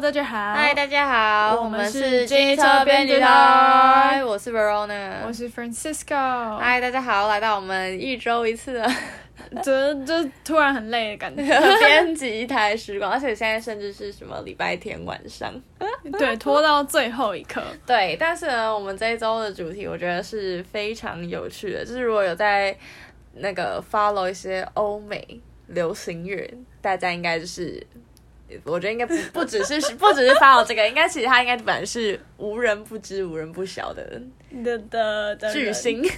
大家好，嗨，大家好，我們是機車編輯台，我是 Verona，我是 Francisco，嗨，Hi，大家好，來到我們一周一次，的得這突然很累的感覺，編輯 台時光，而且現在甚至是什麼禮拜天晚上， 對，拖到最後一刻，對，但是呢，我們這一周的主題我覺得是非常有趣的，就是如果有在那個 follow 一些歐美流行樂，大家應該就是。我覺得應該不不只是不只是發到這個，應該其實他應該本來是無人不知、無人不曉的巨星。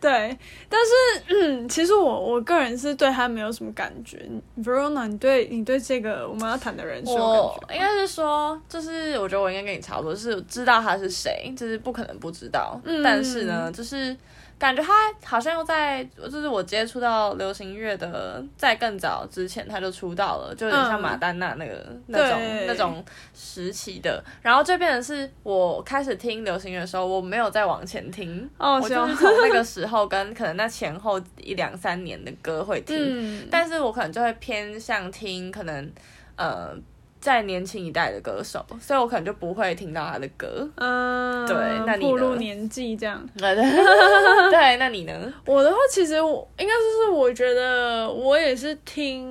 對，但是、嗯、其實我我個人是對他沒有什麼感覺。Verona，你對你對這個我們要談的人，我應該是說，就是我覺得我應該跟你差不多，就是知道他是誰，就是不可能不知道。嗯、但是呢，就是。感覺他好像又在，就是我接觸到流行樂的，在更早之前他就出道了，就有點像瑪丹娜那個、嗯、那種對那種時期的。然後就變成是我開始聽流行樂的時候，我沒有再往前聽，哦、我就是從那個時候跟可能那前後一兩三年的歌會聽，嗯、但是我可能就會偏向聽可能呃。在年輕一代的歌手，所以我可能就不會聽到他的歌。嗯，uh, 對，步入年紀這樣。對對，那你呢？我的話其實我，應該就是我覺得我也是聽，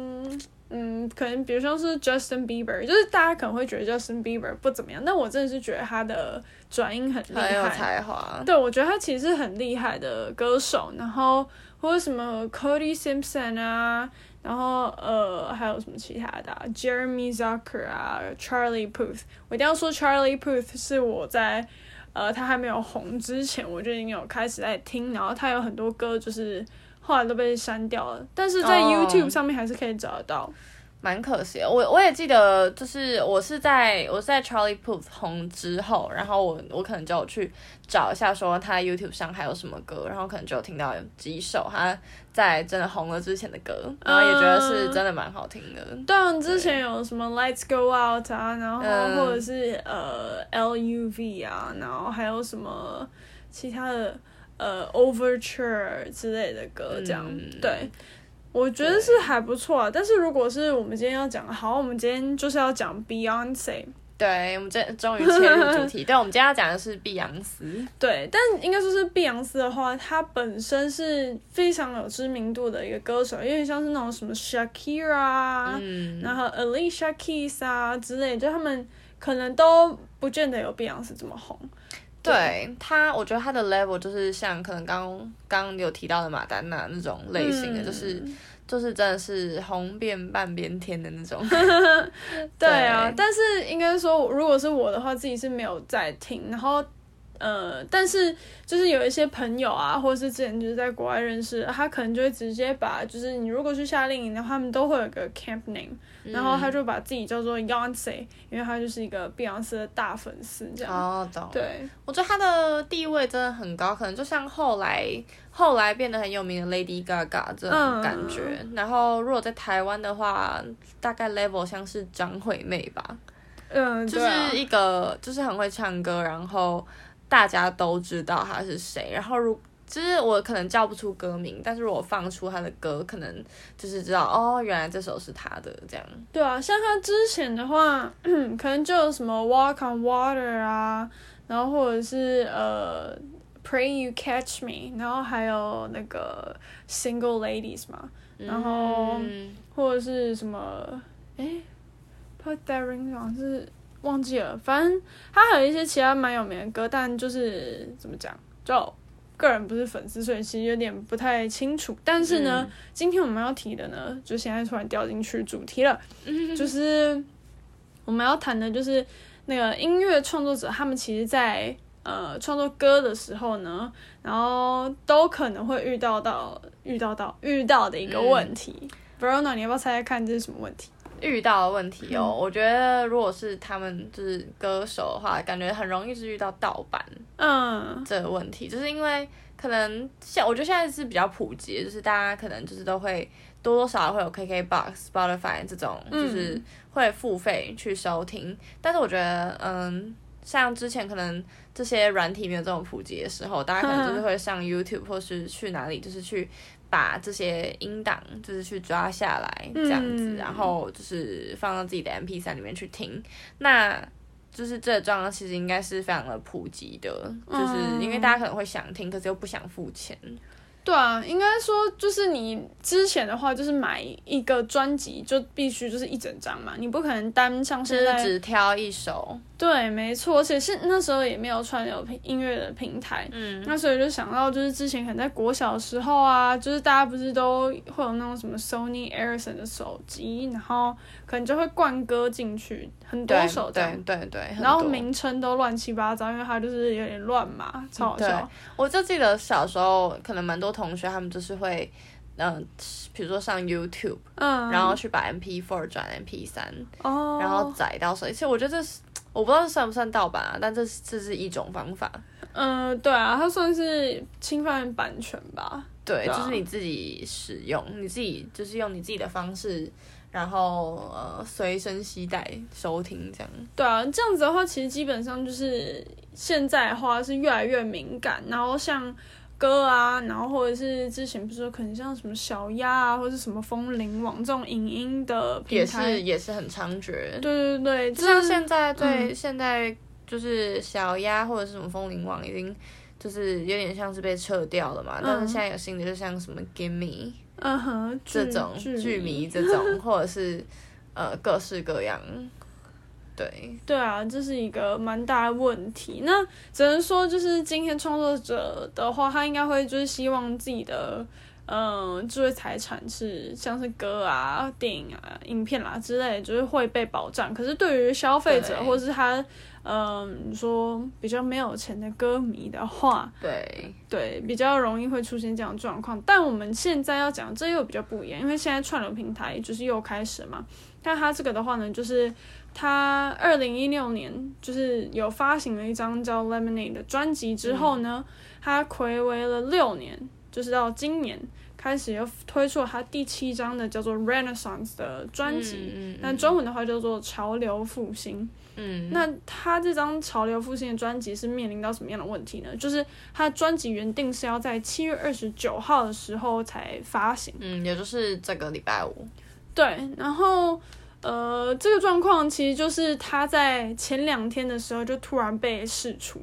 嗯，可能比如說是 Justin Bieber，就是大家可能會覺得 Justin Bieber 不怎麼樣，但我真的是覺得他的轉音很厲害，很有才華，對，我覺得他其實是很厲害的歌手，然後或者什麼 Cody Simpson 啊。然後，呃，還有什麼其他的啊？Jeremy Zucker 啊，Charlie Puth，我一定要說，Charlie Puth 是我在，呃，他還沒有紅之前，我就已經有開始在聽。然後他有很多歌，就是後來都被刪掉了，但是在 YouTube 上面還是可以找得到。Oh. 蠻可惜的，我我也記得，就是我是在我是在 Charlie Puth 紅之後，然後我我可能就有去找一下，說他 YouTube 上還有什麼歌，然後可能就有聽到有幾首他在真的紅了之前的歌，然後也覺得是真的蠻好聽的。Uh, 對，對，之前有什麼 Let's Go Out 啊，然後或者是呃 LUV 啊，然後還有什麼其他的呃、uh, Overture 之類的歌，嗯、這樣，對。我覺得是還不錯啊，對但是如果是我們今天要講，好，我們今天就是要講 Beyonce，對，我們這終於切入主題，但 我們今天要講的是碧昂斯，對，但應該說是碧昂斯的話，它本身是非常有知名度的一個歌手，因為像是那種什麼 Shakira，嗯，然後 Alicia Keys 啊之類，就他們可能都不見得有碧昂斯這麼紅。對，他對，我覺得他的 level 就是像可能剛剛有提到的馬丹娜那種類型的，嗯、就是就是真的是紅遍半邊天的那種。 對啊，對但是應該說，如果是我的話，自己是沒有在聽，然後。呃，但是就是有一些朋友啊，或者是之前就是在國外認識，他可能就會直接把，就是你如果去夏令營的話，他們都會有個 camp name，、嗯、然後他就把自己叫做 Yonce 因為他就是一個碧昂斯的大粉絲這樣。哦，懂。對我覺得他的地位真的很高，可能就像後來後來變得很有名的 Lady Gaga 這種感覺。嗯、然後如果在台灣的話，大概 level 像是張惠妹吧。嗯，對。就是一個、啊、就是很會唱歌，然後。大家都知道他是誰，然後如就是我可能叫不出歌名，但是我放出他的歌，可能就是知道哦，原來這首是他的這樣，對啊，像他之前的話，可能就有什麼《Walk on Water》啊，然後或者是呃 uh，《Pray You Catch Me》，然後還有那個《Single Ladies》嘛，然後或者是什麼？哎、嗯，《Put That Ring On》是。忘記了，反正他還有一些其他蠻有名的歌，但就是怎麼講，就個人不是粉絲，所以其實有點不太清楚。但是呢，嗯、今天我們要提的呢，就現在突然掉進去主題了，嗯、哼哼就是我們要談的，就是那個音樂創作者他們其實在，在呃創作歌的時候呢，然後都可能會遇到到遇到到遇到的一個問題。Verona 你要不要猜猜看這是什麼問題？遇到的問題哦，嗯、我覺得如果是他們就是歌手的話，感覺很容易是遇到盜版，嗯，這個問題，嗯、就是因為可能像我覺得現在是比較普及，就是大家可能就是都會多多少少會有 KKBOX、Spotify 這種，就是會付費去收聽。嗯、但是我覺得，嗯，像之前可能這些軟體沒有這麼普及的時候，大家可能就是會上 YouTube 或是去哪裡，就是去。把這些音檔就是去抓下來這樣子，嗯、然後就是放到自己的 M P 三裡面去聽，那就是這張其實應該是非常的普及的，嗯、就是因為大家可能會想聽，可是又不想付錢。對啊，應該說就是你之前的話，就是買一個專輯就必須就是一整張嘛，你不可能單像現在只，只挑一首。對，沒錯，而且是那時候也沒有串流音樂的平台，嗯，那所以就想到就是之前可能在國小的時候啊，就是大家不是都會有那種什麼 Sony Ericsson 的手機，然後。你就會灌歌進去很多首，對,對對對，然後名稱都亂七八糟，因為它就是有點亂嘛，超搞笑。對我就記得小時候，可能蠻多同學他們就是會，嗯、呃，比如說上 YouTube，嗯，然後去把 MP4 轉 MP3，哦、嗯，然後載到手機。而且我覺得這是我不知道算不算盜版啊，但這是這是一種方法。嗯、呃，對啊，它算是侵犯版權吧？對，對啊、就是你自己使用，你自己就是用你自己的方式。然後呃，隨身攜帶收聽這樣。對啊，這樣子的話，其實基本上就是現在的話是越來越敏感。然後像歌啊，然後或者是之前不是說可能像什麼小鴨啊，或者是什麼楓林網這種影音，音的平台，也是也是很猖獗。對對對，就是、像現在對、嗯、現在就是小鴨或者是什麼楓林網已經就是有點像是被撤掉了嘛。嗯、但是現在有新的，就像什麼 Give Me。嗯哼，uh、huh，這種劇劇迷這種，或者是 呃各式各樣，對，對啊，這是一個蠻大的問題。那只能說，就是今天創作者的話，他應該會就是希望自己的嗯、呃、智慧財產是像是歌啊、電影啊、影片啊之類，就是會被保障。可是對於消費者，或是他。嗯，說比較沒有錢的歌迷的話，對、呃、對，比較容易會出現這樣狀況。但我們現在要講，這又比較不一樣，因為現在串流平台就是又開始嘛。但他這個的話呢，就是他二零一六年就是有發行了一張叫《Lemonade》的專輯之後呢，嗯、他睽違了六年，就是到今年開始又推出了他第七張的叫做的《Renaissance》、嗯的專輯，嗯、但中文的話叫做“潮流復興”。嗯，那他這張潮流復興的專輯是面臨到什麼樣的問題呢？就是他專輯原定是要在七月二十九號的時候才發行，嗯，也就是這個禮拜五。對，然後呃，這個狀況其實就是他在前兩天的時候就突然被釋出，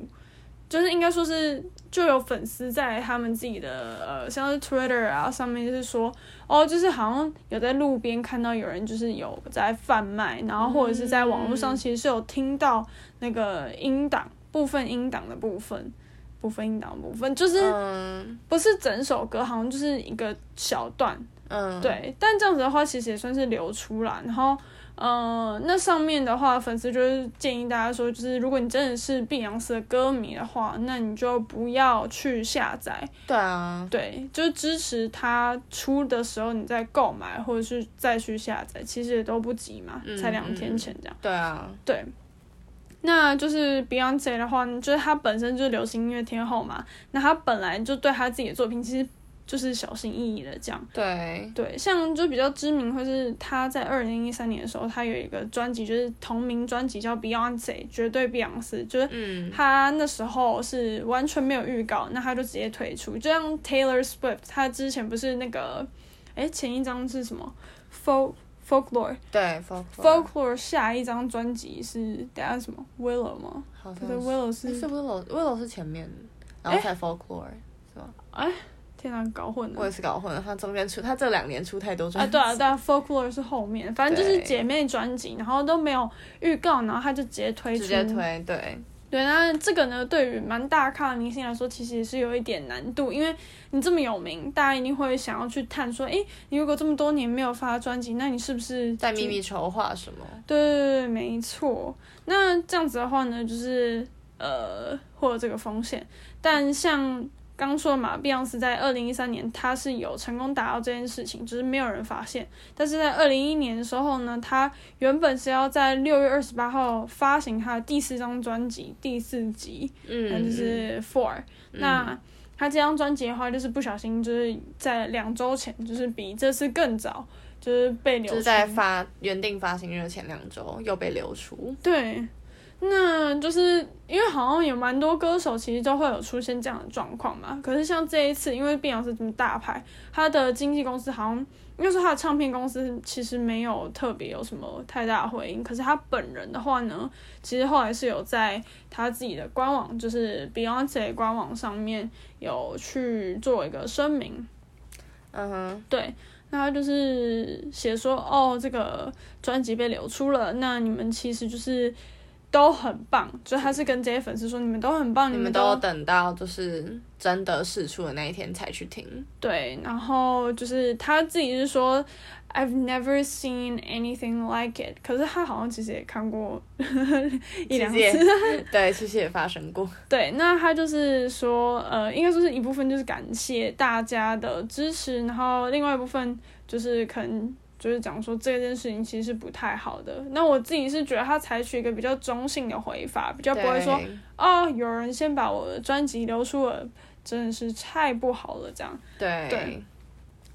就是應該說是。就有粉絲在他們自己的呃，像是 Twitter 啊上面，就是說，哦，就是好像有在路邊看到有人，就是有在販賣，然後或者是在網絡上，其實是有聽到那個音檔、嗯、部分音檔的部分，部分音檔部分，就是不是整首歌，好像就是一個小段，嗯，對，但這樣子的話，其實也算是流出來，然後。呃，那上面的話，粉絲就是建議大家說，就是如果你真的是碧昂斯的歌迷的話，那你就不要去下載。對啊，對，就支持他出的時候，你再購買或者是再去下載，其實也都不急嘛，嗯、才兩天前這樣。對啊，對。那就是碧昂 e 的話，就是她本身就是流行音樂天后嘛，那她本來就對她自己的作品其實。就是小心翼翼的這樣，對對，像就比較知名，或是他在二零一三年的時候，他有一個專輯，就是同名專輯叫《Beyonce》，絕對 Beyonce、嗯。就是嗯，他那時候是完全沒有預告，那他就直接推出，就像 Taylor Swift，他之前不是那個，哎、欸，前一張是什麼？folk folklore Fol 對 folklore，Fol 下一張專輯是等下什麼 Willow 嗎？好 Willow 是 Will 是、欸、是 Willow Will 是前面，然後 folklore、欸、是吧嗎？哎、欸。天啊，搞混了！我也是搞混了。他中間出，他這兩年出太多專輯。啊，對啊，對啊，Folklore 是後面，反正就是姐妹專輯，對然後都沒有預告，然後他就直接推出直接推，對對。那這個呢，對於蠻大咖的明星來說，其實也是有一點難度，因為你這麼有名，大家一定會想要去探說，哎，你如果這麼多年沒有發專輯，那你是不是在祕密籌劃什麼？對，沒錯。那這樣子的話呢，就是呃，會有這個風險。但像。剛說的嘛，碧昂斯，在二零一三年，他是有成功達到這件事情，就是沒有人發現。但是在二零一一年的時候呢，他原本是要在六月二十八號發行他的第四張專輯第四集，嗯，就是 Four，嗯。那他這張專輯的話，就是不小心就是在兩周前，就是比這次更早，就是被流出，就是在發原定發行日前兩周又被流出，對。那就是因為好像有蠻多歌手其實都會有出現這樣的狀況嘛。可是像這一次，因為碧昂斯這麼大牌，他的經紀公司好像，因為說他的唱片公司其實沒有特別有什麼太大的回應。可是他本人的話呢，其實後來是有在他自己的官網，就是 b e y o n 昂絲官網上面有去做一個聲明。嗯哼、uh，huh. 對，那他就是寫說，哦，這個專輯被流出了，那你們其實就是。都很棒，就他是跟這些粉絲說：“你們都很棒。嗯”你們都，你們都等到就是真的釋出的那一天才去聽。對，然後就是他自己是說：“I've never seen anything like it。”可是他好像其實也看過 一兩兩次。 對，其實也發生過。對，那他就是說，呃，應該說是一部分就是感謝大家的支持，然後另外一部分就是可能。就是講說這件事情其實是不太好的。那我自己是覺得他採取一個比較中性的回法，比較不會說對哦，有人先把我的專輯流出了，真的是太不好了這樣。對,對。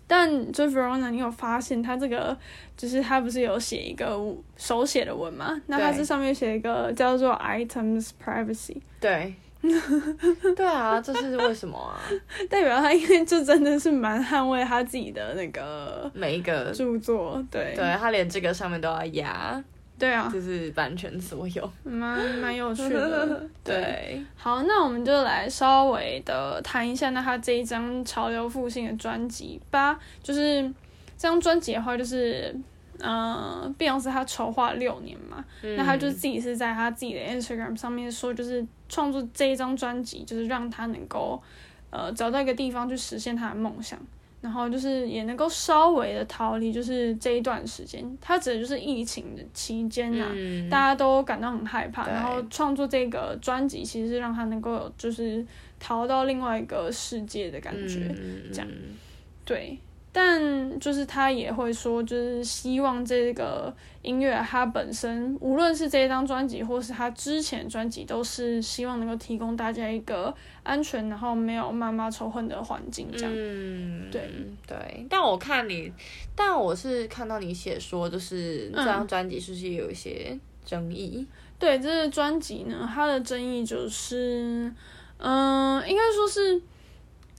但這 r 候呢 o n a 你有發現他這個，就是他不是有寫一個手寫的文嘛？那他這上面寫一個叫做 Items Privacy。對。對 對啊，這是為什麼啊？ 代表他因為這真的是蠻捍衛他自己的那個每一個著作，對對，他連這個上面都要壓，對啊，就是版權所有，蠻蠻有趣的。 對，好，那我們就來稍微的談一下那他這一張潮流復興的專輯吧，就是這張專輯的話，就是。呃，碧昂絲他籌劃六年嘛，嗯、那他就自己是在他自己的 Instagram 上面說，就是創作這一張專輯，就是讓他能夠呃找到一個地方去實現他的夢想，然後就是也能夠稍微的逃離，就是這一段時間，他指的就是疫情的期間吶、啊，嗯、大家都感到很害怕，對然後創作這個專輯，其實是讓他能夠有就是逃到另外一個世界的感覺，嗯、這樣，對。但就是他也會說，就是希望這個音樂它本身，無論是這張專輯，或是他之前專輯，都是希望能夠提供大家一個安全，然後沒有謾罵仇恨的環境這樣。嗯，對對。但我看你，但我是看到你寫說，就是這張專輯是不是也有一些爭議？嗯、對，這張專輯呢，它的爭議就是，嗯、呃，應該說是。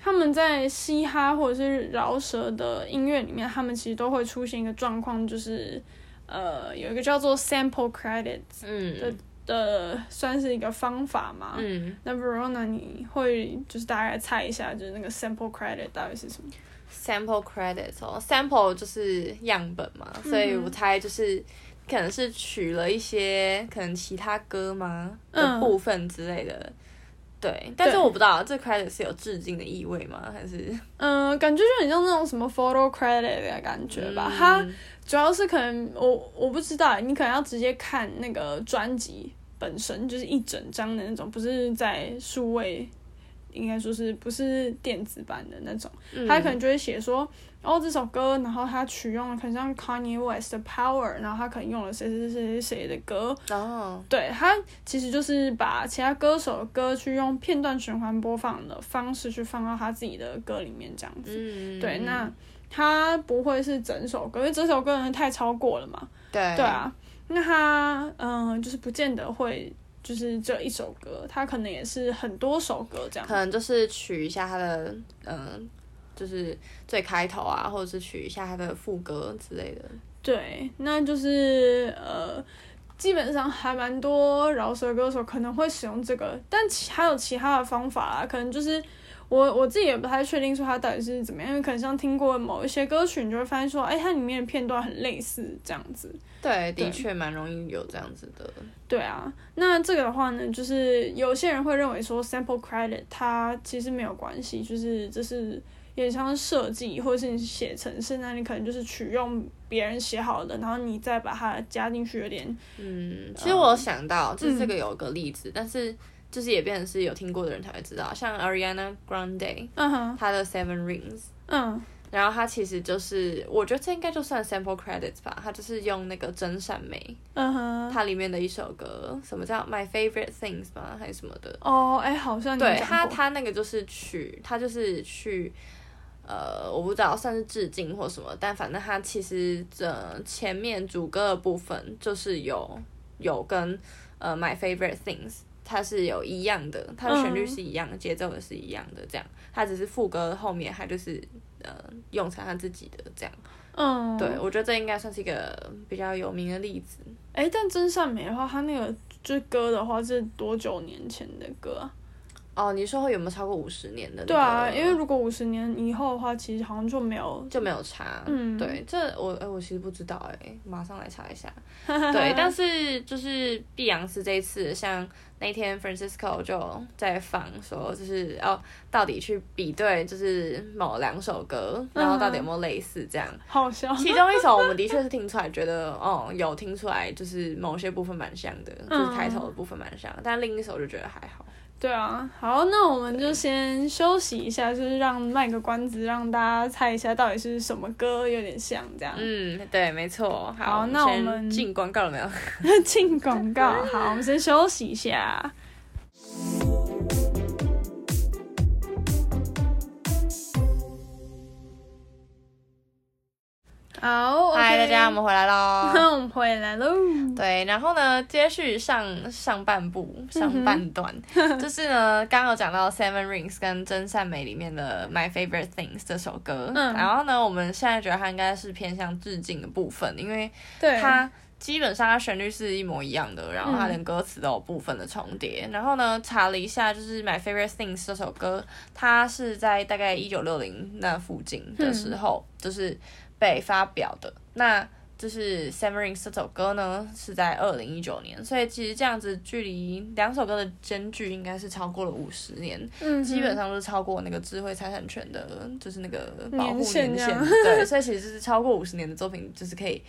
他們在嘻哈或者是饒舌的音樂裡面，他們其實都會出現一個狀況，就是，呃，有一個叫做 sample credits、嗯、的的，算是一個方法嘛。嗯、那 Verona，你會就是大概猜一下，就是那個 sample credit 到底是什麼？sample credit，哦，sample 就是樣本嘛，所以我猜就是可能是取了一些可能其他歌嗎的部分之類的。嗯對，但是我不知道、啊、對這 credit 是有致敬的意味嗎？還是嗯、呃，感覺就很像那種什麼 photo credit 的感覺吧。嗯、它主要是可能我我不知道，你可能要直接看那個專輯本身，就是一整張的那種，不是在數位。應該說是不是電子版的那種？嗯、他可能就會寫說，哦，這首歌，然後他取用了很像 Kanye West 的 Power，然後他可能用了誰誰誰誰的歌。哦、oh.，對，他其實就是把其他歌手的歌去用片段循環播放的方式去放到他自己的歌裡面這樣子。嗯、對，那他不會是整首歌，因為整首歌可能太超過了嘛。對，對啊，那他嗯、呃，就是不見得會。就是這一首歌，它可能也是很多首歌這樣，可能就是取一下它的嗯、呃，就是最開頭啊，或者是取一下它的副歌之類的。對，那就是呃，基本上還蠻多饒舌的歌手可能會使用這個，但其還有其他的方法啊，可能就是。我我自己也不太確定說它到底是怎麼樣，因為可能像聽過某一些歌曲，你就會發現說，哎、欸，它裡面的片段很類似這樣子。對，對的確蠻容易有這樣子的。對啊，那這個的話呢，就是有些人會認為說，sample credit 它其實沒有關係，就是就是也像設計或者是你寫程式，那你可能就是取用別人寫好的，然後你再把它加進去，有點嗯。其實這樣我想到就是、嗯、這，這個有一個例子，但是。就是也變成是有聽過的人才會知道，像 Ariana Grande，嗯哼、uh，huh. 他的 Seven Rings，嗯、uh，huh. 然後他其實就是，我覺得這應該就算 sample credits 吧，他就是用那個真善美，嗯哼、uh，huh. 它裡面的一首歌，什麼叫 My Favorite Things 吧，還是什麼的？哦，哎，好像對，他他那個就是取，他就是取，呃，我不知道算是致敬或什麼，但反正他其實這前面主歌的部分就是有有跟呃 My Favorite Things。它是有一樣的，它的旋律是一樣的，嗯，節奏也是一樣的，這樣。它只是副歌後面，它就是呃用成它自己的這樣。嗯，對，我覺得這應該算是一個比較有名的例子。哎、欸，但真善美的話，它那個這歌的話，是多久年前的歌啊？哦，uh, 你說會有沒有超過五十年的，那個？對啊，因為如果五十年以後的話，其實好像就沒有就沒有查。嗯，對，這我、欸、我其實不知道哎、欸，馬上來查一下。 對，但是就是碧昂絲，這一次，像那天 Francisco 就在放說，就是要到底去比對，就是某兩首歌，然後到底有沒有類似這樣。好笑。其中一首我們的確是聽出來，覺得哦、 嗯、有聽出來，就是某些部分蠻像的，就是開頭的部分蠻像，嗯、但另一首就覺得還好。對啊，好，那我們就先休息一下，就是讓賣個關子，讓大家猜一下到底是什麼歌，有點像這樣。嗯，對，沒錯。好，那我們進廣告了沒有？進廣 告，好，我們先休息一下。 好。大家，我們回來嘍！我們回來嘍。對，然後呢，接續上上半部，上半段，嗯、哼 就是呢，剛有講到 Seven Rings 跟真善美裡面的 My Favorite Things 這首歌。嗯，然後呢，我們現在覺得它應該是偏向致敬的部分，因為它基本上它旋律是一模一樣的，然後它連歌詞都有部分的重疊。嗯、然後呢，查了一下，就是 My Favorite Things 這首歌，它是在大概一九六零那附近的時候，嗯、就是。被發表的，那就是《Summering》這首歌呢，是在二零一九年，所以其實這樣子距離兩首歌的間距應該是超過了五十年，嗯、哼基本上都是超過那個智慧財產權的，就是那個保護年限。年限對，所以其實是超過五十年的作品，就是可以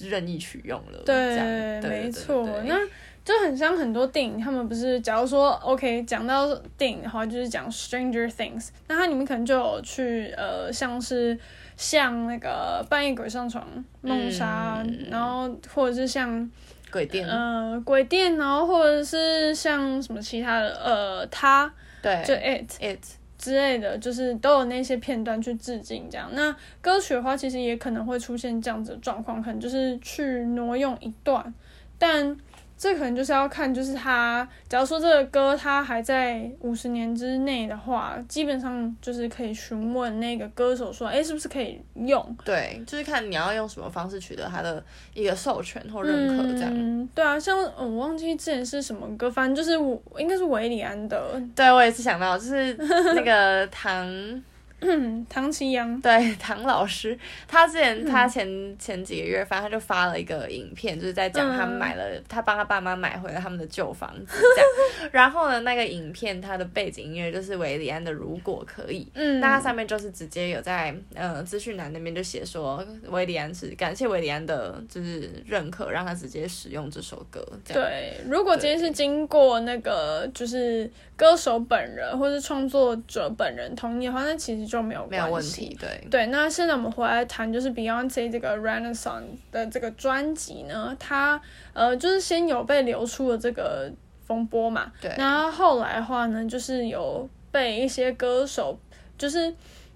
任意取用了。對，這樣對對對沒錯。那。就很像很多電影，他們不是假如說 OK 講到電影的話，就是講 Stranger Things，那它裡面可能就有去呃，像是像那個半夜鬼上床、夢殺，嗯、然後或者是像鬼店，呃，鬼店，然後或者是像什麼其他的呃，它對，就 It It 之類的，就是都有那些片段去致敬這樣。那歌曲的話，其實也可能會出現這樣子的狀況，可能就是去挪用一段，但。這可能就是要看，就是他，假如說這個歌他還在五十年之內的話，基本上就是可以詢問那個歌手說，哎、嗯，是不是可以用？對，就是看你要用什麼方式取得他的一個授權或認可，這樣。嗯，對啊，像、哦、我忘記之前是什麼歌，反正就是我應該是韋禮安的。對，我也是想到就是那個唐。 嗯，唐綺陽對，唐老師，他之前他前、嗯、前幾個月，發，他就發了一個影片，就是在講他買了，嗯、他幫他爸媽買回了他們的舊房子這樣。 然後呢，那個影片他的背景音樂就是韋禮安的《如果可以》，嗯，那他上面就是直接有在呃資訊欄那邊就寫說韋禮安是感謝韋禮安的就是認可，讓他直接使用這首歌。這樣。對，如果今天是經過那個對就是歌手本人或是創作者本人同意的話，那其實。就沒有關係，沒有問題，對對。那現在我們回來談，就是 Beyonce 這個 Renaissance 的這個專輯呢，他呃，就是先有被流出了這個風波嘛，對。然後後來的話呢，就是有被一些歌手，就是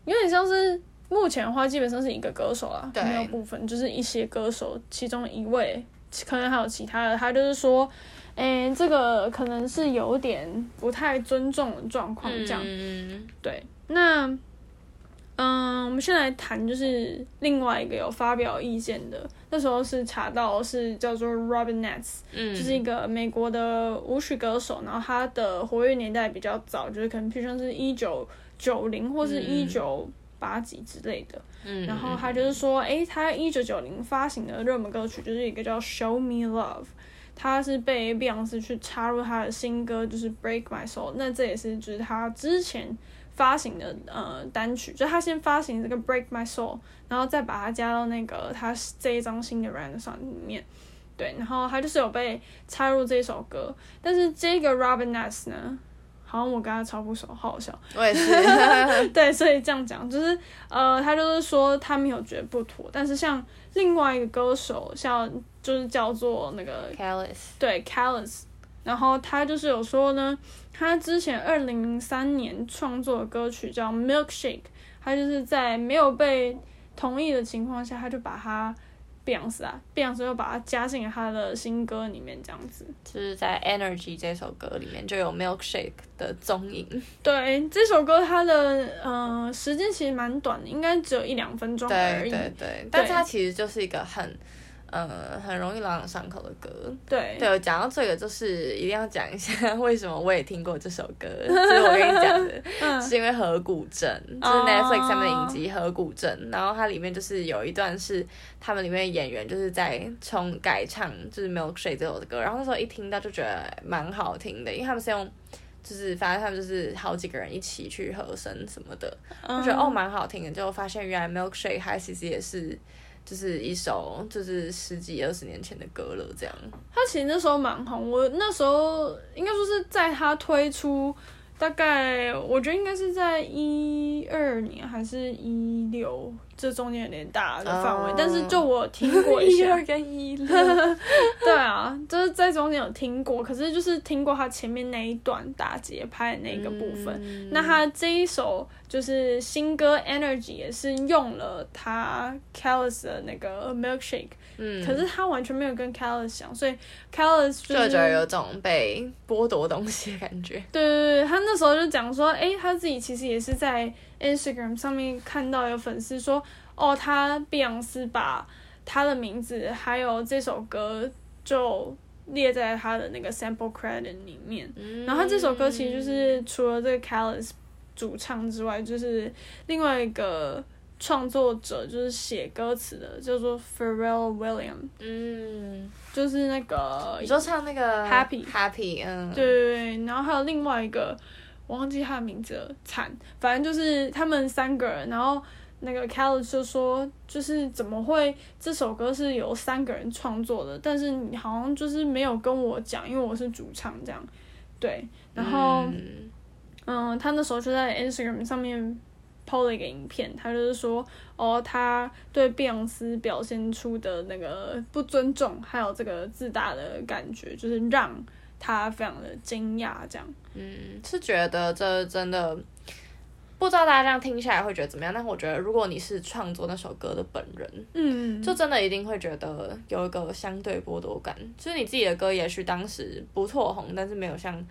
有點像是目前的話，基本上是一個歌手啊，對沒有部分，就是一些歌手其中一位，可能還有其他的，他就是說，嗯，這個可能是有點不太尊重的狀況，這樣，嗯、對。那嗯，um, 我們先來談，就是另外一個有發表意見的，那時候是查到是叫做 Robin S.，、嗯、就是一個美國的舞曲歌手，然後他的活躍年代比較早，就是可能像是一九九零或是一九八幾之類的。嗯，然後他就是說，誒、欸，他一九九零發行的熱門歌曲就是一個叫《Show Me Love》，他是被碧昂斯去插入他的新歌，就是《Break My Soul》，那這也是就是他之前。發行的呃單曲，就是他先發行這個《Break My Soul》，然後再把它加到那個他這一張新的 Renaissance 裡面，對，然後他就是有被插入這首歌。但是這個 Robin S 呢，好像我跟他超不熟，好好笑。我也是。 對，所以這樣講，就是呃，他就是說他沒有覺得不妥，但是像另外一個歌手，像就是叫做那個 Kelis，us. 對 Kelis，然後他就是有說呢。他之前二零零三年創作的歌曲叫《Milkshake》，他就是在沒有被同意的情況下，他就把它變相啊，變相之後又把它加進他的新歌裡面，這樣子。就是在、e《Energy》這首歌裡面就有《Milkshake》的蹤影。對，這首歌，它的嗯、呃、時間其實蠻短的，應該只有一兩分鐘而已。對對對，對但是它其實就是一個很。呃、嗯，很容易朗朗上口的歌。對對，講到這個，就是一定要講一下為什麼我也聽過這首歌。這 是我跟你講的， 嗯、是因為《河谷鎮》，就是 Netflix 上面的影集河《河谷鎮》，然後它裡面就是有一段是他們裡面的演員就是在重改唱就是《Milkshake》這首歌。然後那時候一聽到就覺得蠻好聽的，因為他們是用，就是反正他們就是好幾個人一起去和聲什麼的，就、oh. 覺得哦蠻好聽的。就發現原來《Milkshake》它其實也是。就是一首，就是十幾二十年前的歌了，這樣。他其實那時候蠻紅，我那時候應該說是在他推出。大概我覺得應該是在一二年還是一六這中間有點大的範圍，oh. 但是就我聽過一, 一二跟一六， 對啊，就是在中間有聽過，可是就是聽過他前面那一段打節拍的那個部分。嗯、那他這一首就是新歌，e《Energy》也是用了他《Kelis》的那個《A Milkshake》。嗯，可是他完全沒有跟 Kelis 講，所以 Kelis 就是，有種被剝奪東西的感覺。對對對，他那時候就講說，誒，他自己其實也是在 Instagram 上面看到有粉絲說，哦，他碧昂斯把他的名字還有這首歌就列在他的那個 Sample Credit 裡面。嗯、然後他這首歌其實就是除了這個 Kelis 主唱之外，就是另外一個。創作者就是寫歌詞的，叫做 Pharrell Williams，嗯，就是那個你說唱那個 Happy Happy，嗯，對對對，然後還有另外一個，我忘記他的名字了，慘，反正就是他們三個人，然後那個 Kelly 就說，就是怎麼會這首歌是由三個人創作的，但是你好像就是沒有跟我講，因為我是主唱這樣，對，然後，嗯，嗯，他那時候就在 Instagram 上面。Po 了一個影片，他就是說，哦，他對碧昂絲表現出的那個不尊重，還有這個自大的感覺，就是讓他非常的驚訝。這樣，嗯，是覺得這真的不知道大家這樣聽起來會覺得怎麼樣？但是我覺得，如果你是創作那首歌的本人，嗯，就真的一定會覺得有一個相對剝奪感。就是你自己的歌，也許當時不錯紅，但是沒有像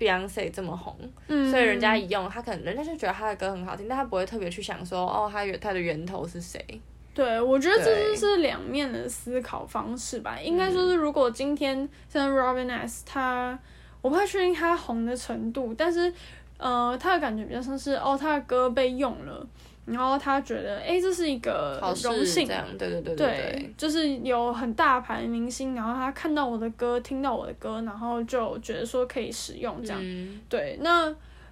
Beyonce 這麼紅，嗯、所以人家一用他，可能人家就覺得他的歌很好聽，但他不會特別去想說，哦，他有他的源頭是誰？對，我覺得這就是兩面的思考方式吧。對應該說是，如果今天像 Robin S 他，我不太確定他紅的程度，但是，呃，他的感覺比較像是，哦，他的歌被用了。然後他覺得，哎，這是一個榮幸，好對對對對，對，對，就是有很大牌明星，然後他看到我的歌，聽到我的歌，然後就覺得說可以使用這樣，嗯、對，那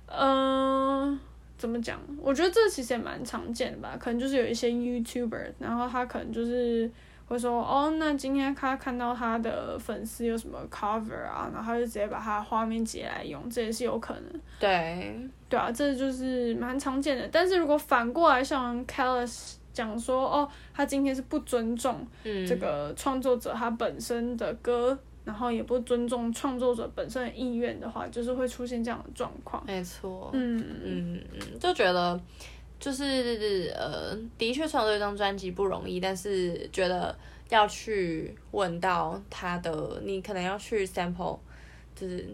嗯、呃，怎麼講？我覺得這其實也蠻常見的吧，可能就是有一些 YouTuber，然後他可能就是。會說哦，那今天他看到他的粉絲有什麼 cover 啊，然後他就直接把他的畫面截來用，這也是有可能。對，對啊，這就是蠻常見的。但是如果反過來像 Kelis 講說，哦，他今天是不尊重這個創作者他本身的歌，嗯、然後也不尊重創作者本身的意願的話，就是會出現這樣的狀況。沒錯。嗯嗯嗯，就覺得。就是、就是、呃，的確創作一張專輯不容易，但是覺得要去問到他的，你可能要去 sample，就是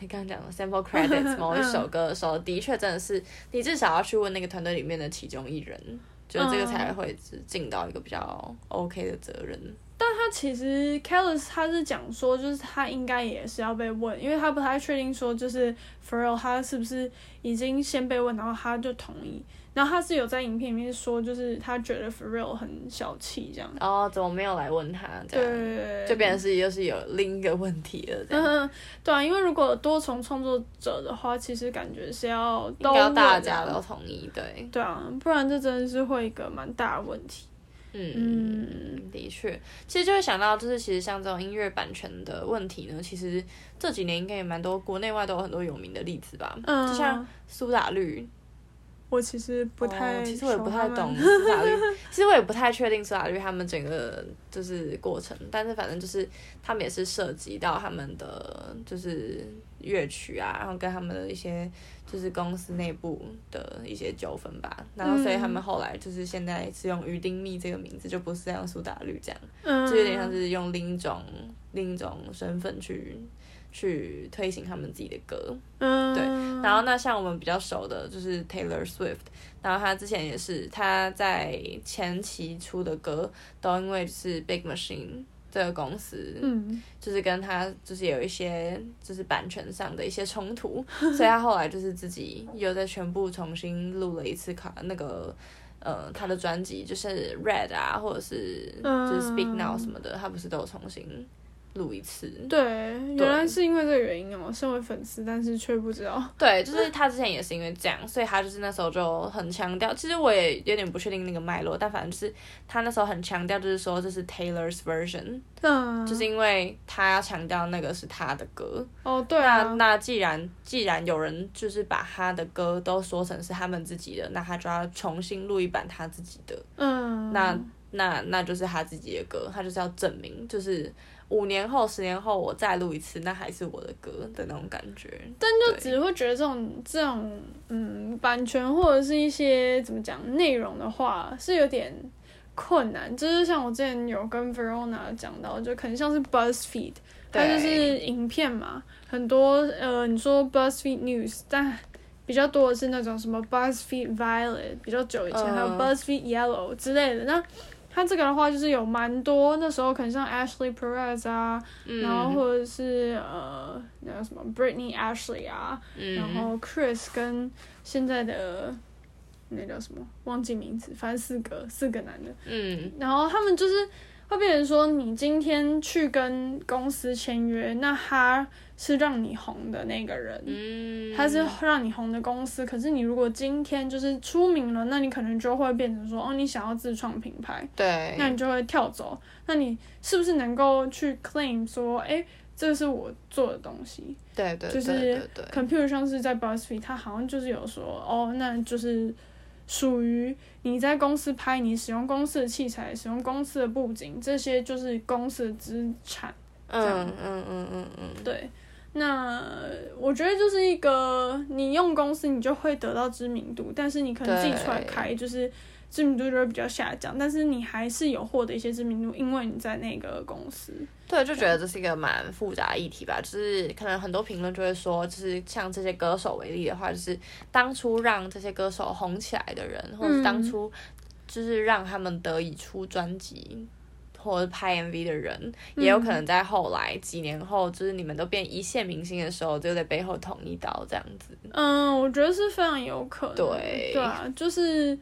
你剛剛講的 sample credits 某一首歌的時候， 的確真的是你至少要去問那個團隊裡面的其中一人， 就是這個才會盡到一個比較 OK 的責任。但他其實 Kelis 他是講說，就是他應該也是要被問，因為他不太確定說就是 Pharrell 他是不是已經先被問，然後他就同意。然後他是有在影片裡面說，就是他覺得 Freal 很小氣這樣。哦，怎麼沒有來問他？這對，就變成是又是有另一個問題了這樣。嗯，對啊，因為如果多重創作者的話，其實感覺是要都要大家都同意。對對啊，不然這真的是會一個蠻大的問題。嗯，嗯，的確，其實就會想到，就是其實像這種音樂版權的問題呢，其實這幾年應該也蠻多國內外都有很多有名的例子吧。嗯，就像蘇打綠。我其實不太，其實我也不太懂蘇打綠， 其實我也不太確定蘇打綠他們整個就是過程，但是反正就是他們也是涉及到他們的就是樂曲啊，然後跟他們的一些就是公司內部的一些糾紛吧，然後所以他們後來就是現在是用魚丁糸這個名字，就不是像蘇打綠這樣，嗯、就有點像是用另一種另一種身份去。去推行他們自己的歌，嗯，對，然後那像我們比較熟的就是 Taylor Swift，然後他之前也是他在前期出的歌，都因為是 Big Machine 這個公司，嗯，就是跟他就是有一些就是版權上的一些衝突，所以他後來就是自己又再全部重新錄了一次卡那個呃他的專輯，就是 Red 啊，或者是就是 Speak Now 什麼的，他不是都有重新。錄一次，對，原來是因為這個原因哦，對，身為粉絲，但是卻不知道，對，就是他之前也是因為這樣，所以他就是那時候就很強調。其實我也有點不確定那個脈絡，但反正就是他那時候很強調，就是說這是 Taylor's version，嗯，就是因為他要強調那個是他的歌。哦，對啊，那，那既然既然有人就是把他的歌都說成是他們自己的，那他就要重新錄一版他自己的，嗯，那那那就是他自己的歌，他就是要證明就是。五年後、十年後，我再錄一次，那還是我的歌的那種感覺。但就只會覺得這種、對這種，嗯，版權或者是一些怎麼講內容的話，是有點困難。就是像我之前有跟 Verona 講到，就可能像是 BuzzFeed，它就是影片嘛，對很多呃，你說 BuzzFeed News，但比較多的是那種什麼 BuzzFeed Violet 比較久以前，呃、還有 BuzzFeed Yellow 之類的，那。看這個的話，就是有蠻多那時候可能像 Ashley Perez 啊，嗯、哼然後或者是呃那叫什麼 Britney Ashley 啊，嗯、哼然後 Chris 跟現在的那叫什麼忘記名字，反正四個四個男的，嗯哼，然後他們就是。會變成說，你今天去跟公司簽約，那他是讓你紅的那個人，嗯、他是讓你紅的公司。可是你如果今天就是出名了，那你可能就會變成說，哦，你想要自創品牌，對，那你就會跳走。那你是不是能夠去 claim 說，哎、欸，這是我做的東西？對對對，就是 computer 上是在 BuzzFeed 他好像就是有說，哦，那就是。屬於你在公司拍，你使用公司的器材，使用公司的布景，這些就是公司的資產。嗯嗯嗯嗯嗯，嗯嗯嗯嗯對。那我覺得就是一個，你用公司，你就會得到知名度，但是你可能自己出來開，就是。知名度就比較下降，但是你還是有獲得一些知名度，因為你在那個公司。對，這樣。就覺得這是一個蠻複雜的議題吧，就是可能很多評論就會說，就是像這些歌手為例的話，就是當初讓這些歌手紅起來的人，或是當初就是讓他們得以出專輯或者拍 MV 的人，嗯、也有可能在後來幾年後，就是你們都變一線明星的時候，就在背後捅一刀這樣子。嗯，我覺得是非常有可能。對，對啊，就是。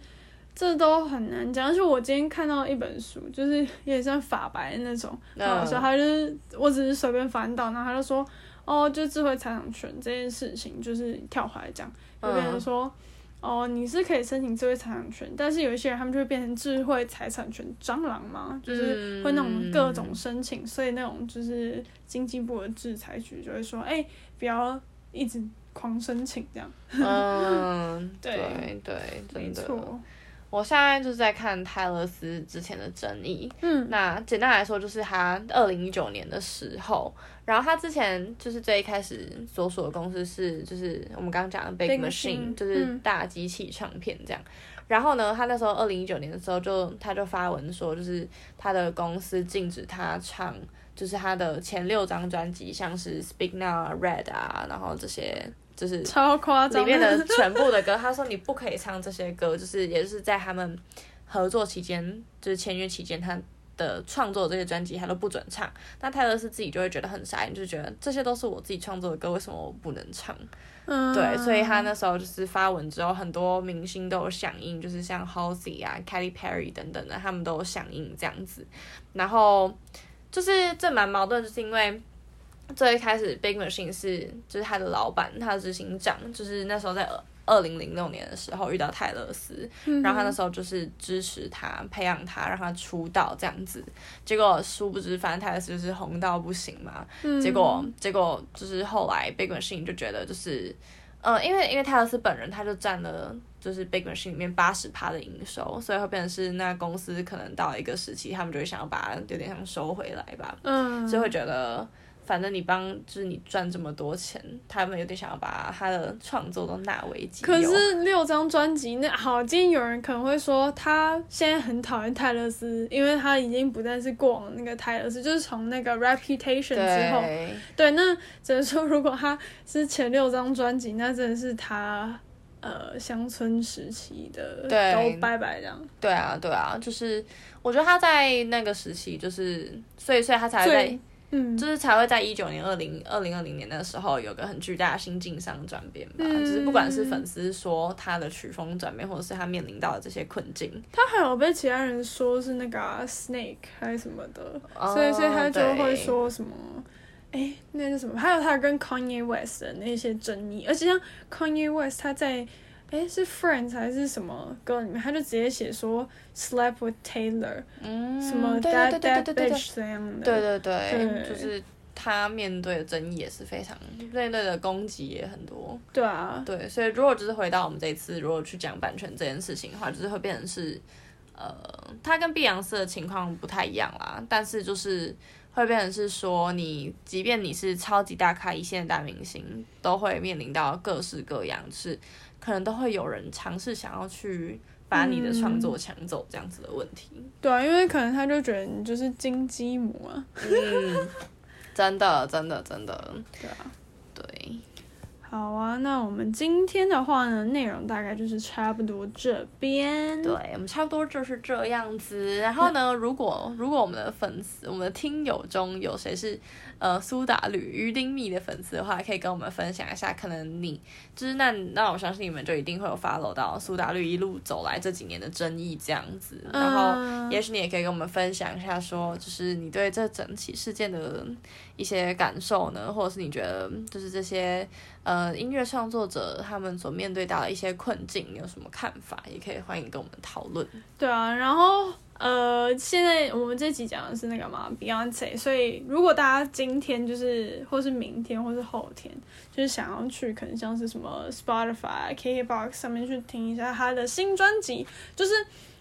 這都很難講，而且我今天看到一本書，就是有點像法白的那種，然後、uh. 嗯、他就是，我只是隨便翻到，然後他就說，哦，就智慧財產權這件事情，就是跳回來講，uh. 就變成說，哦，你是可以申請智慧財產權，但是有一些人他們就會變成智慧財產權蟑螂嘛，就是會那種各種申請，嗯、所以那種就是經濟部的智財局就會說，哎、欸，不要一直狂申請這樣，嗯、uh, 對，對對，沒錯。我現在就是在看泰勒斯之前的爭議，嗯，那簡單來說就是他二零一九年的時候，然後他之前就是最一開始所屬的公司是就是我們剛剛講的 Big Machine，Big Machine 就是大機器唱片這樣。嗯，然後呢，他那時候二零一九年的時候就他就發文說，就是他的公司禁止他唱，就是他的前六張專輯，像是 Speak Now、Red 啊，然後這些。就是超誇張，裡面的全部的歌，他說你不可以唱這些歌， 就是也就是在他們合作期間，就是簽約期間，他的創作的這些專輯他都不准唱。那泰勒絲自己就會覺得很傻眼，就覺得這些都是我自己創作的歌，為什麼我不能唱？嗯、對，所以他那時候就是發文之後，很多明星都有響應，就是像 Halsey 啊、Kelly Perry 等等的，他們都有響應這樣子。然後就是這蠻矛盾，就是因為。最一開始 Big Machine 是就是他的老闆，他的執行長，就是那時候在二零零六年的時候遇到泰勒斯，嗯、哼然後他那時候就是支持他，培養他，讓他出道這樣子。結果殊不知，反正泰勒斯就是紅到不行嘛。嗯、結果結果就是後來 Big Machine 就覺得就是，呃、嗯，因為因為泰勒斯本人他就佔了就是 Big Machine 裡面八十趴的營收，所以會變成是那公司可能到一個時期，他們就會想要把它有點想收回來吧。嗯，就會覺得。反正你幫，就是你賺這麼多錢，他們有點想要把他的創作都納為己有。可是六張專輯，那好，今天有人可能會說，他現在很討厭泰勒斯，因為他已經不再是過往那個泰勒斯，就是從那個 Reputation 之後，對，對，那只能說，如果他是前六張專輯，那真的是他呃鄉村時期的對，都拜拜這樣。對啊，對啊，就是我覺得他在那個時期，就是所以，所以他才嗯、就是才會在一九年、二零、二零二零年的時候，有個很巨大的心境上轉變吧。嗯、就是不管是粉絲說他的曲風轉變，或者是他面臨到的這些困境，他還有被其他人說是那個、啊、Snake 還是什麼的，所以、oh, 所以他就會說什麼，哎對、欸，那是、個、什麼？還有他跟 Kanye West 的那些爭議，而且像 Kanye West 他在。哎，是 friends 還是什麼歌裡面，他就直接寫說 s l e p with Taylor，嗯，什麼 dead dead bitch 這樣的，對,對對對，對就是他面對的爭議也是非常，面對的攻擊也很多，對啊，對，所以如果就是回到我們這一次，如果去講版權這件事情的話，就是會變成是，呃，他跟碧昂絲的情況不太一樣啦，但是就是。會變成是說，你即便你是超級大咖、一線大明星，都會面臨到各式各樣，是可能都會有人嘗試想要去把你的創作搶走這樣子的問題、嗯。對啊，因為可能他就覺得你就是金雞母啊。嗯，真的，真的，真的。對啊，對。好啊，那我們今天的話呢，內容大概就是差不多這邊。對，我們差不多就是這樣子。然後呢，嗯、如果如果我們的粉絲、我們的聽友中有誰是呃蘇打綠、魚丁糸的粉絲的話，可以跟我們分享一下。可能你就是那那，我相信你們就一定會有 follow 到蘇打綠一路走來這幾年的爭議這樣子。嗯、然後，也許你也可以跟我們分享一下說，說就是你對這整起事件的。一些感受呢，或者是你覺得就是這些呃音樂創作者他們所面對到的一些困境，你有什麼看法？也可以歡迎跟我們討論。對啊，然後呃，現在我們這集講的是那個嘛，Beyonce，所以如果大家今天就是或是明天或是後天，就是想要去可能像是什麼 Spotify、KKBox 上面去聽一下他的新專輯，就是。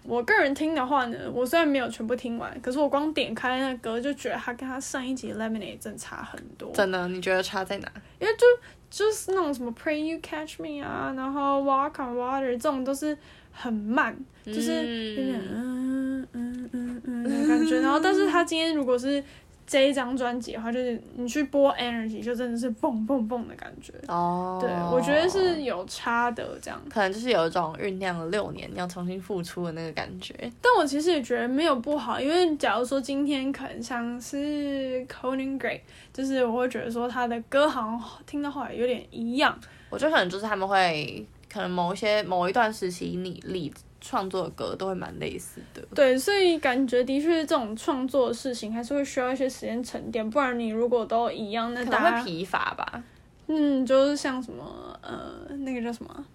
我個人聽的話呢，我雖然沒有全部聽完，可是我光點開那個歌就覺得他跟他上一集的《Lemonade》真差很多。真的？你覺得差在哪？因為就就是那種什麼《Pray You Catch Me》啊，然後《Walk on Water》這種都是很慢，嗯、就是有點、啊、嗯嗯嗯嗯的感覺。然後，但是他今天如果是。這一張專輯的話，就是你去播、e《Energy》，就真的是蹦蹦蹦的感覺。哦，oh, 對，我覺得是有差的，這樣可能就是有一種醞釀了六年要重新復出的那個感覺。但我其實也覺得沒有不好，因為假如說今天可能像是 Conan Gray，就是我會覺得說他的歌好像聽到後來有點一樣。我覺得可能就是他們會可能某一些某一段時期努力。創作的歌都會蠻類似的，對，所以感覺的確是這種創作的事情，還是會需要一些時間沉澱，不然你如果都一樣，那個，那可能會疲乏吧。嗯，就是像什麼，呃，那個叫什麼，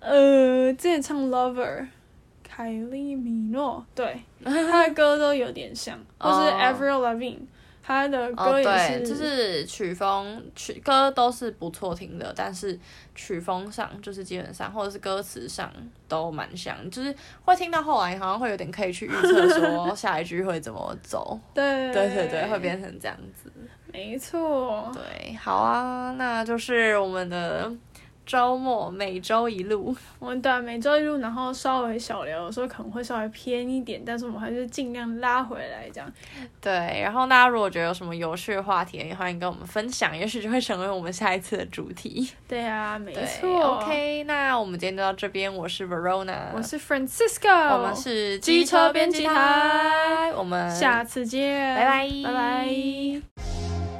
呃，之前唱《Lover》Kylie Minogue，對，他 的歌都有點像，就是 Avril Lavigne 他的歌也是、oh, 對，就是曲風曲歌都是不錯聽的，但是曲風上就是基本上，或者是歌詞上都蠻像，就是會聽到後來好像會有點可以去預測說下一句會怎麼走。 對對對對，會變成這樣子，沒錯。對，好啊，那就是我們的。週末每週一路，我們、哦、對、啊、每週一路，然後稍微小聊，有時候可能會稍微偏一點，但是我們還是儘量拉回來這樣。對，然後大家如果覺得有什麼有趣的話題，也歡迎跟我們分享，也許就會成為我們下一次的主題。對啊，沒錯。對哦、OK，那我們今天就到這邊。我是 Verona，我是 Francisco，我們是機車編輯台，輯台我們下次見，拜拜 bye，拜拜。